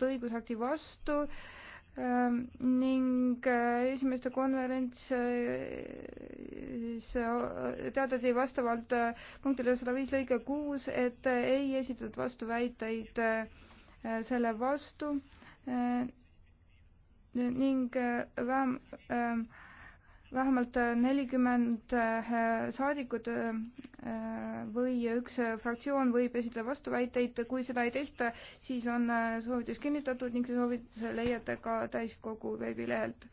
võetud õigusakti vastu ähm, ning äh, esimeste konverents äh, siis äh, teatati vastavalt punktile sada viis lõige kuus, et ei esitatud vastuväiteid selle vastu ning vähem, vähemalt nelikümmend saadikut Äh, või üks äh, fraktsioon võib esitada vastuväiteid, kui seda ei tehta, siis on äh, soovitus kinnitatud ning see soovitus leiate ka täiskogu veebilehelt